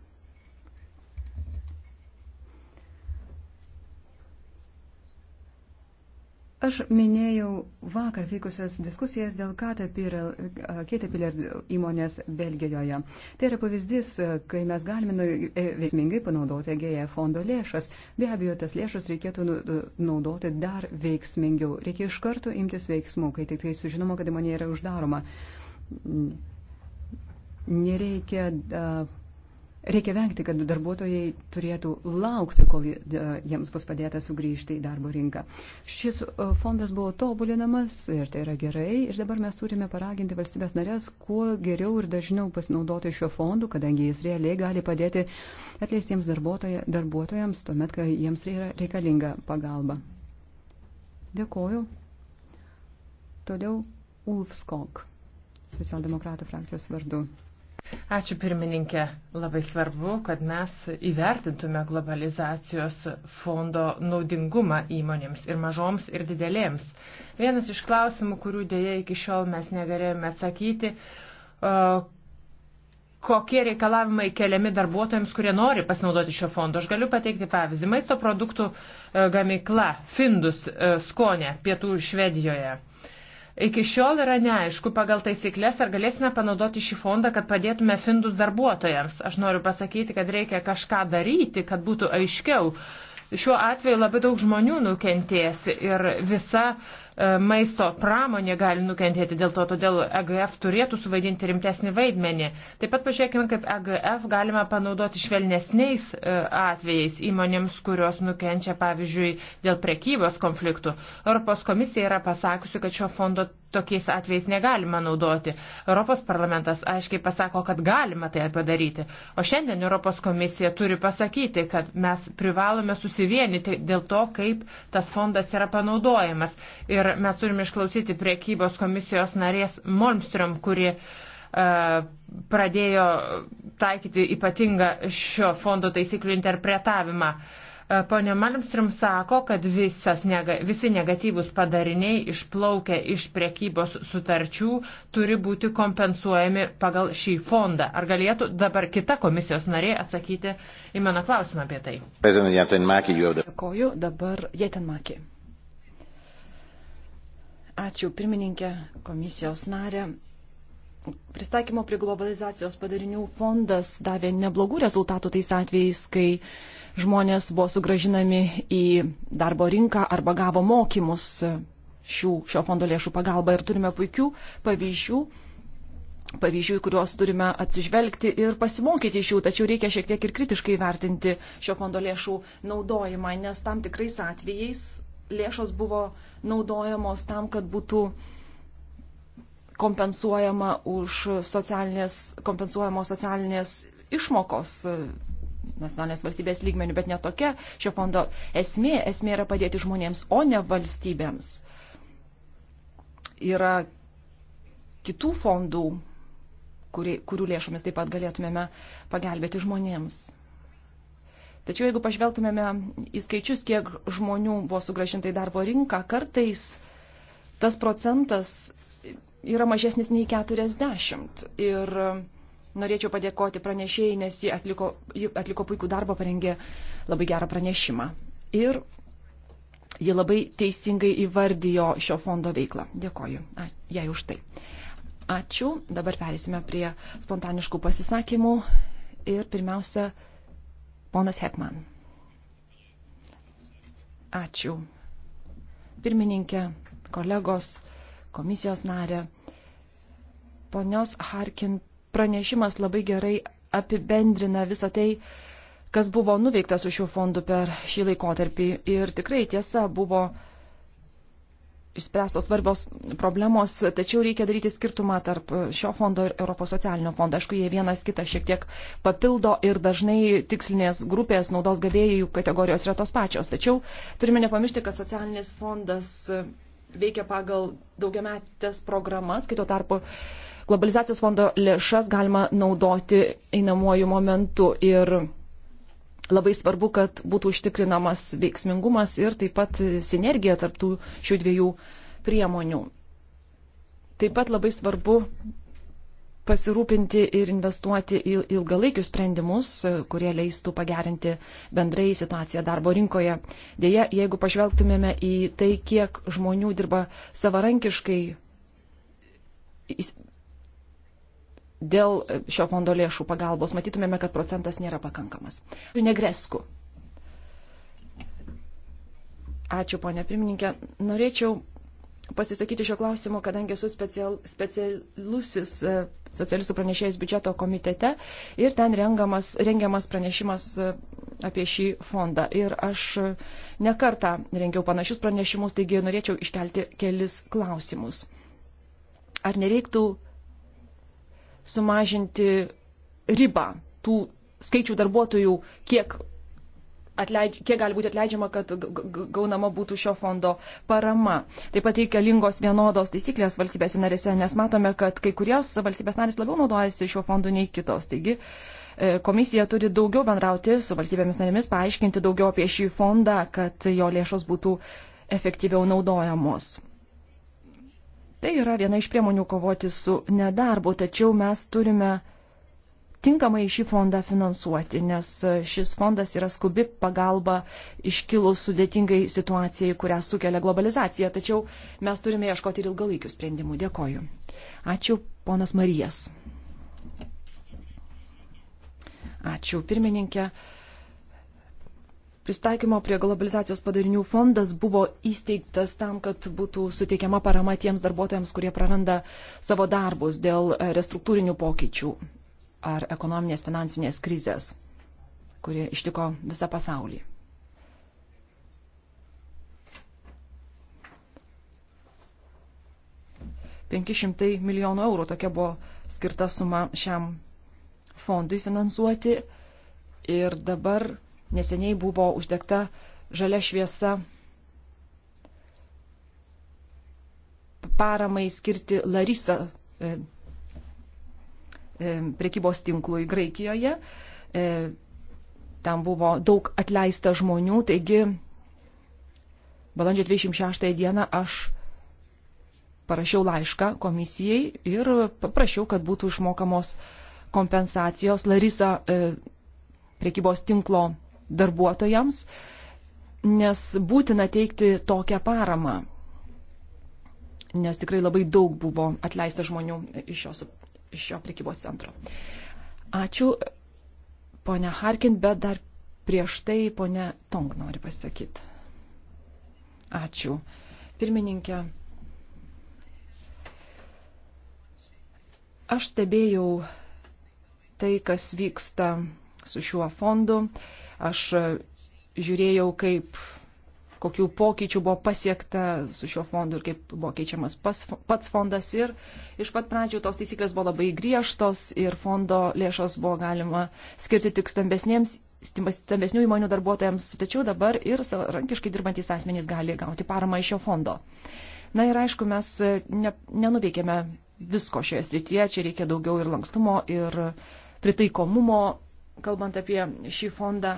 Aš minėjau vakar vykusias diskusijas dėl Caterpillar įmonės Belgijoje. Tai yra pavyzdys, kai mes galime nu, e, veiksmingai panaudoti GE fondo lėšas. Be abejo, tas lėšas reikėtų nu, nu, naudoti dar veiksmingiau. Reikia iš karto imtis veiksmų, kai tik tai sužinoma, kad įmonė yra uždaroma. Nereikia. Uh, Reikia vengti, kad darbuotojai turėtų laukti, kol e, jiems bus padėta sugrįžti į darbo rinką. Šis e, fondas buvo tobulinamas ir tai yra gerai. Ir dabar mes turime paraginti valstybės narės, kuo geriau ir dažniau pasinaudoti šio fondu, kadangi jis realiai gali padėti atleistiems darbuotojams, tuomet, kai jiems yra reikalinga pagalba. Dėkoju. Toliau Ulf Skok, socialdemokratų frakcijos vardu. Ačiū pirmininkė. Labai svarbu, kad mes įvertintume globalizacijos fondo naudingumą įmonėms ir mažoms ir didelėms. Vienas iš klausimų, kurių dėja iki šiol mes negalėjome atsakyti, kokie reikalavimai keliami darbuotojams, kurie nori pasinaudoti šio fondo. Aš galiu pateikti pavyzdį. Maisto produktų e, gamykla Findus e, skonė pietų Švedijoje Iki šiol yra neaišku pagal taisyklės, ar galėsime panaudoti šį fondą, kad padėtume findus darbuotojams. Aš noriu pasakyti, kad reikia kažką daryti, kad būtų aiškiau. Šiuo atveju labai daug žmonių nukentės ir visa uh, E, maisto pramonė gali nukentėti dėl to, todėl EGF turėtų suvaidinti rimtesnį vaidmenį. Taip pat pažiūrėkime, kaip EGF galima panaudoti švelnesniais e, atvejais įmonėms, kurios nukenčia, pavyzdžiui, dėl prekybos konfliktų. Europos komisija yra pasakusi, kad šio fondo tokiais atvejais negalima naudoti. Europos parlamentas aiškiai pasako, kad galima tai padaryti. O šiandien Europos komisija turi pasakyti, kad mes privalome susivienyti dėl to, kaip tas fondas yra panaudojamas. Ir Ir mes turime išklausyti priekybos komisijos narės Molmström, kuri e, pradėjo taikyti ypatingą šio fondo taisyklių interpretavimą. E, Pone Malmström sako, kad visas, visi negatyvūs padariniai išplaukę iš priekybos sutarčių turi būti kompensuojami pagal šį fondą. Ar galėtų dabar kita komisijos narė atsakyti į mano klausimą apie tai? Dėkoju, dabar Jėtenmakė. Ačiū pirmininkė, komisijos narė. Pristaikymo prie globalizacijos padarinių fondas davė neblogų rezultatų tais atvejais, kai žmonės buvo sugražinami į darbo rinką arba gavo mokymus šių, šio fondo lėšų pagalba ir turime puikių pavyzdžių, pavyzdžių, į kuriuos turime atsižvelgti ir pasimokyti iš jų, tačiau reikia šiek tiek ir kritiškai vertinti šio fondo lėšų naudojimą, nes tam tikrais atvejais lėšos buvo naudojamos tam, kad būtų kompensuojama už socialinės, kompensuojamos socialinės išmokos e, nacionalinės valstybės lygmenių, bet ne tokia šio fondo esmė. Esmė yra padėti žmonėms, o ne valstybėms. Yra kitų fondų, kuri, kurių lėšomis taip pat galėtumėme pagelbėti žmonėms. Tačiau jeigu pažvelgtumėme į skaičius, kiek žmonių buvo sugražinta į darbo rinką, kartais tas procentas yra mažesnis nei 40. Ir norėčiau padėkoti pranešėjai, nes ji atliko, ji atliko puikų darbą, parengė labai gerą pranešimą. Ir ji labai teisingai įvardijo šio fondo veiklą. Dėkoju A, jai už tai. Ačiū. Dabar perėsime prie spontaniškų pasisakymų. Ir pirmiausia, Ponas Hekman. Ačiū. Pirmininkė, kolegos, komisijos narė. Ponios Harkin pranešimas labai gerai apibendrina visą tai, kas buvo nuveikta su šiuo fondu per šį laikotarpį. Ir tikrai tiesa buvo išspręstos svarbios problemos, tačiau reikia daryti skirtumą tarp šio fondo ir Europos socialinio fondo. Aišku, jie vienas kitą šiek tiek papildo ir dažnai tikslinės grupės naudos gavėjų kategorijos yra tos pačios. Tačiau turime nepamiršti, kad socialinis fondas veikia pagal daugiametės programas, kai tuo tarpu globalizacijos fondo lėšas galima naudoti einamuoju momentu ir labai svarbu, kad būtų užtikrinamas veiksmingumas ir taip pat sinergija tarptų šių dviejų priemonių. Taip pat labai svarbu pasirūpinti ir investuoti į ilgalaikius sprendimus, kurie leistų pagerinti bendrai situaciją darbo rinkoje. Deja, jeigu pažvelgtumėme į tai, kiek žmonių dirba savarankiškai, dėl šio fondo lėšų pagalbos matytumėme, kad procentas nėra pakankamas. Negresku. Ačiū, ponė pirmininkė. Norėčiau pasisakyti šio klausimo, kadangi esu special, specialusis e, socialistų pranešėjas biudžeto komitete ir ten rengiamas, rengiamas pranešimas e, apie šį fondą. Ir aš e, nekartą rengiau panašius pranešimus, taigi norėčiau iškelti kelis klausimus. Ar nereiktų sumažinti ribą tų skaičių darbuotojų, kiek, atleidž, kiek gali būti atleidžiama, kad gaunama būtų šio fondo parama. Taip pat reikalingos vienodos taisyklės valstybėse narėse, nes matome, kad kai kurios valstybės narės labiau naudojasi šiuo fondu nei kitos. Taigi, e, Komisija turi daugiau bendrauti su valstybėmis narėmis, paaiškinti daugiau apie šį fondą, kad jo lėšos būtų efektyviau naudojamos. Tai yra viena iš priemonių kovoti su nedarbu, tačiau mes turime tinkamai šį fondą finansuoti, nes šis fondas yra skubi pagalba iškilus sudėtingai situacijai, kurią sukelia globalizacija. Tačiau mes turime ieškoti ir ilgalaikių sprendimų. Dėkoju. Ačiū, ponas Marijas. Ačiū, pirmininkė. Pristaikymo prie globalizacijos padarinių fondas buvo įsteigtas tam, kad būtų suteikiama parama tiems darbuotojams, kurie praranda savo darbus dėl e, restruktūrinių pokyčių ar ekonominės finansinės krizės, kurie ištiko visą pasaulį. Penki šimtai milijonų eurų tokia buvo skirta suma šiam fondui finansuoti ir dabar Neseniai buvo uždegta žalia šviesa paramai skirti Larisa e, e, prekybos tinklui Graikijoje. E, ten buvo daug atleista žmonių, taigi balandžio 26 dieną aš parašiau laišką komisijai ir paprašiau, kad būtų išmokamos kompensacijos Larisa e, prekybos tinklo darbuotojams, nes būtina teikti tokią paramą, nes tikrai labai daug buvo atleista žmonių iš, šios, iš šio prekybos centro. Ačiū, ponia Harkin, bet dar prieš tai ponia Tong nori pasakyti. Ačiū. Pirmininkė. Aš stebėjau tai, kas vyksta su šiuo fondu. Aš žiūrėjau, kaip, kokių pokyčių buvo pasiekta su šiuo fondu ir kaip buvo keičiamas pas, pats fondas. Ir iš pat pradžių tos taisyklės buvo labai griežtos ir fondo lėšos buvo galima skirti tik stambesniems stambesnių įmonių darbuotojams, tačiau dabar ir savarankiškai dirbantys asmenys gali gauti paramą iš šio fondo. Na ir aišku, mes ne, nenuveikėme visko šioje srityje, čia reikia daugiau ir lankstumo, ir pritaikomumo kalbant apie šį fondą.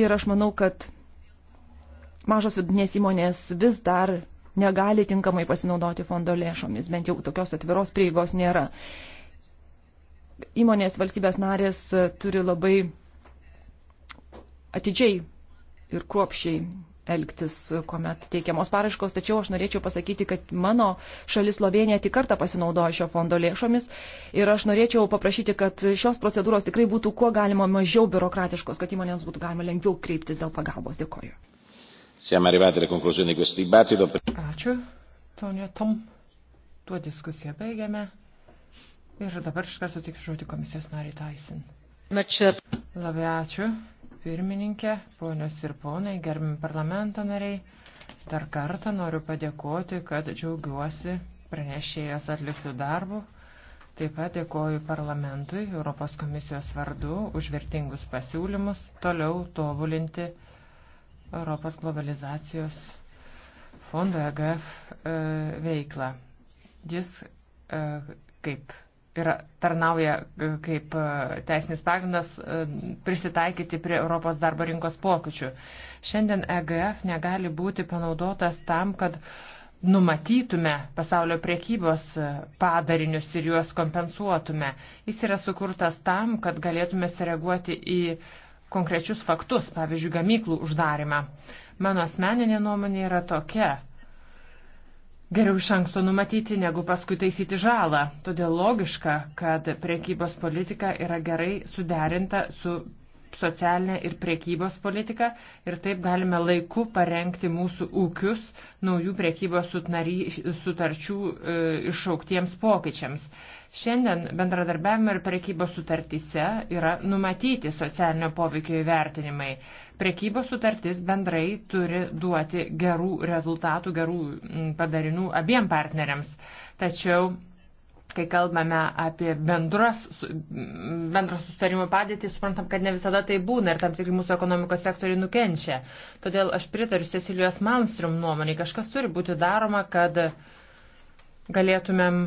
Ir aš manau, kad mažos vidinės įmonės vis dar negali tinkamai pasinaudoti fondo lėšomis, bent jau tokios atviros prieigos nėra. Įmonės valstybės narės turi labai atidžiai ir kruopšiai elgtis, kuomet teikiamos paraiškos, tačiau aš norėčiau pasakyti, kad mano šalis Slovenija tik kartą pasinaudojo šio fondo lėšomis ir aš norėčiau paprašyti, kad šios procedūros tikrai būtų kuo galima mažiau biurokratiškos, kad įmonėms būtų galima lengviau kreiptis dėl pagalbos. Dėkoju. Ačiū, Tonio Tom. Tuo diskusiją baigiame. Ir dabar iš karto tik žodį komisijos nariai Taisin. Uh, Labai ačiū pirmininkė, ponios ir ponai, gerbimi parlamento nariai. Dar kartą noriu padėkoti, kad džiaugiuosi pranešėjas atliktų darbų. Taip pat dėkoju parlamentui, Europos komisijos vardu už vertingus pasiūlymus toliau tobulinti Europos globalizacijos fondo EGF e, veiklą. Jis e, kaip ir tarnauja e, kaip e, teisinis pagrindas e, prisitaikyti prie Europos darbo rinkos pokyčių. Šiandien EGF negali būti panaudotas tam, kad numatytume pasaulio priekybos padarinius ir juos kompensuotume. Jis yra sukurtas tam, kad galėtume sireaguoti į konkrečius faktus, pavyzdžiui, gamyklų uždarimą. Mano asmeninė nuomonė yra tokia, Geriau iš anksto numatyti, negu paskui taisyti žalą. Todėl logiška, kad priekybos politika yra gerai suderinta su socialinė ir priekybos politika ir taip galime laiku parengti mūsų ūkius naujų priekybos sutarčių e, iššauktiems pokyčiams. Šiandien bendradarbiavimo ir prekybos sutartyse yra numatyti socialinio poveikio įvertinimai. Prekybos sutartis bendrai turi duoti gerų rezultatų, gerų mm, padarinių abiem partneriams. Tačiau kai kalbame apie bendros, mm, bendros sustarimo padėtį, suprantam, kad ne visada tai būna ir tam tikri mūsų ekonomikos sektoriai nukenčia. Todėl aš pritariu Cecilijos Malmstrom nuomonį, kažkas turi būti daroma, kad galėtumėm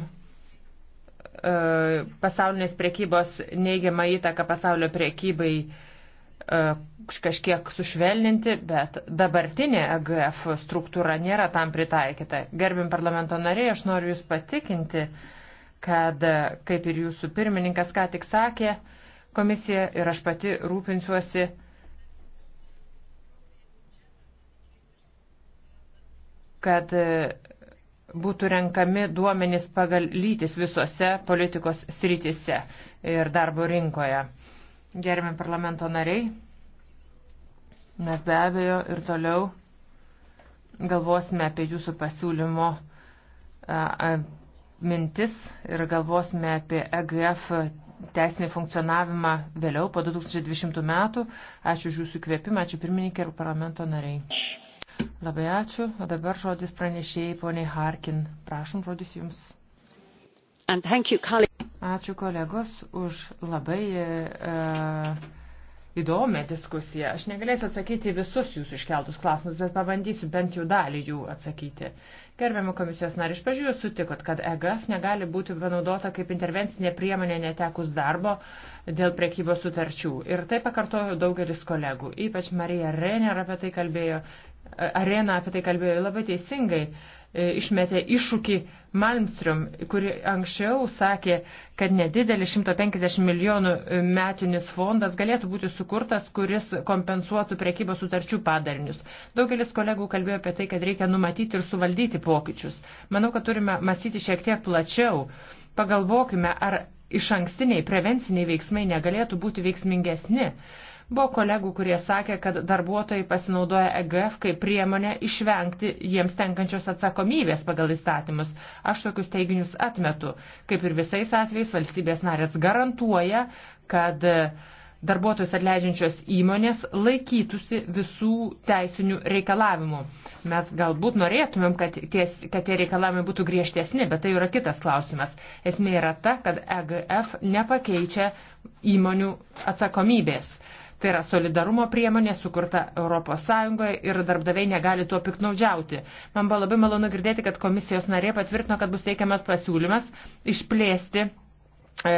E, pasaulinės priekybos neigiamą įtaką pasaulio priekybai e, kažkiek sušvelninti, bet dabartinė AGF e struktūra nėra tam pritaikyta. Gerbim parlamento nariai, aš noriu Jūs patikinti, kad, kaip ir Jūsų pirmininkas ką tik sakė, komisija ir aš pati rūpinsiuosi kad būtų renkami duomenys pagal lytis visose politikos sritise ir darbo rinkoje. Gerimi parlamento nariai, mes be abejo ir toliau galvosime apie jūsų pasiūlymo mintis ir galvosime apie EGF teisinį funkcionavimą vėliau po 2020 metų. Ačiū už jūsų kvėpimą, ačiū pirmininkė ir parlamento nariai. Labai ačiū. O dabar žodis pranešėjai poniai Harkin. Prašom, žodis jums. You, ačiū kolegos už labai uh, įdomią diskusiją. Aš negalėsiu atsakyti visus jūsų iškeltus klausimus, bet pabandysiu bent jau dalį jų atsakyti. Gerbiamų komisijos nariai, iš pažiūrėjau sutikot, kad EGF negali būti panaudota kaip intervencinė priemonė netekus darbo dėl priekybos sutarčių. Ir tai pakartojo daugelis kolegų, ypač Marija Renner apie tai kalbėjo Arena apie tai kalbėjo labai teisingai e, išmetė iššūkį Malmström, kuri anksčiau sakė, kad nedidelis 150 milijonų e, metinis fondas galėtų būti sukurtas, kuris kompensuotų priekybos sutarčių padarinius. Daugelis kolegų kalbėjo apie tai, kad reikia numatyti ir suvaldyti pokyčius. Manau, kad turime mąstyti šiek tiek plačiau. Pagalvokime, ar iš ankstiniai prevenciniai veiksmai negalėtų būti veiksmingesni Buvo kolegų, kurie sakė, kad darbuotojai pasinaudoja EGF kaip priemonę išvengti jiems tenkančios atsakomybės pagal įstatymus. Aš tokius teiginius atmetu. Kaip ir visais atvejais, valstybės narės garantuoja, kad darbuotojus atleidžiančios įmonės laikytųsi visų teisinių reikalavimų. Mes galbūt norėtumėm, kad, ties, kad tie reikalavimai būtų griežtesni, bet tai yra kitas klausimas. Esmė yra ta, kad EGF nepakeičia įmonių atsakomybės. Tai yra solidarumo priemonė sukurta ES ir darbdaviai negali tuo piknaudžiauti. Man buvo labai malonu girdėti, kad komisijos narė patvirtino, kad bus teikiamas pasiūlymas išplėsti e,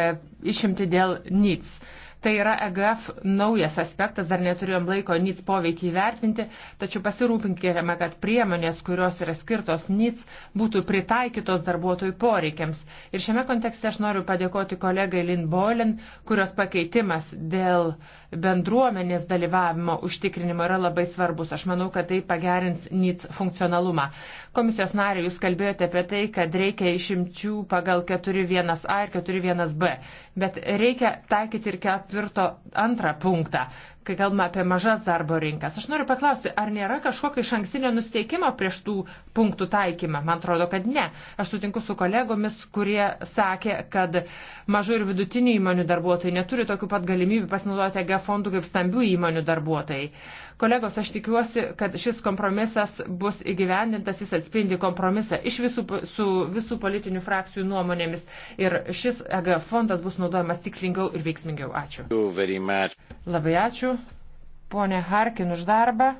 išimti dėl NITS. Tai yra EGF naujas aspektas, dar neturėjom laiko NITS poveikį įvertinti, tačiau pasirūpinkime, kad priemonės, kurios yra skirtos NITS, būtų pritaikytos darbuotojų poreikiams. Ir šiame kontekste aš noriu padėkoti kolegai Lin Boylan, kurios pakeitimas dėl bendruomenės dalyvavimo užtikrinimo yra labai svarbus. Aš manau, kad tai pagerins NITS funkcionalumą. Komisijos nariai, jūs kalbėjote apie tai, kad reikia išimčių pagal 4.1a ir 4.1b. Bet reikia taikyti ir ketvirto antrą punktą kai kalbame apie mažas darbo rinkas. Aš noriu paklausti, ar nėra kažkokio iš ankstinio nusteikimo prieš tų punktų taikymą? Man atrodo, kad ne. Aš sutinku su kolegomis, kurie sakė, kad mažų ir vidutinių įmonių darbuotojai neturi tokių pat galimybių pasinaudoti EGA fondų kaip stambių įmonių darbuotojai. Kolegos, aš tikiuosi, kad šis kompromisas bus įgyvendintas, jis atspindi kompromisą iš visų, su visų politinių frakcijų nuomonėmis ir šis EGA fondas bus naudojamas tikslingiau ir veiksmingiau. Ačiū. Labai ačiū ponė Harkin už darbą.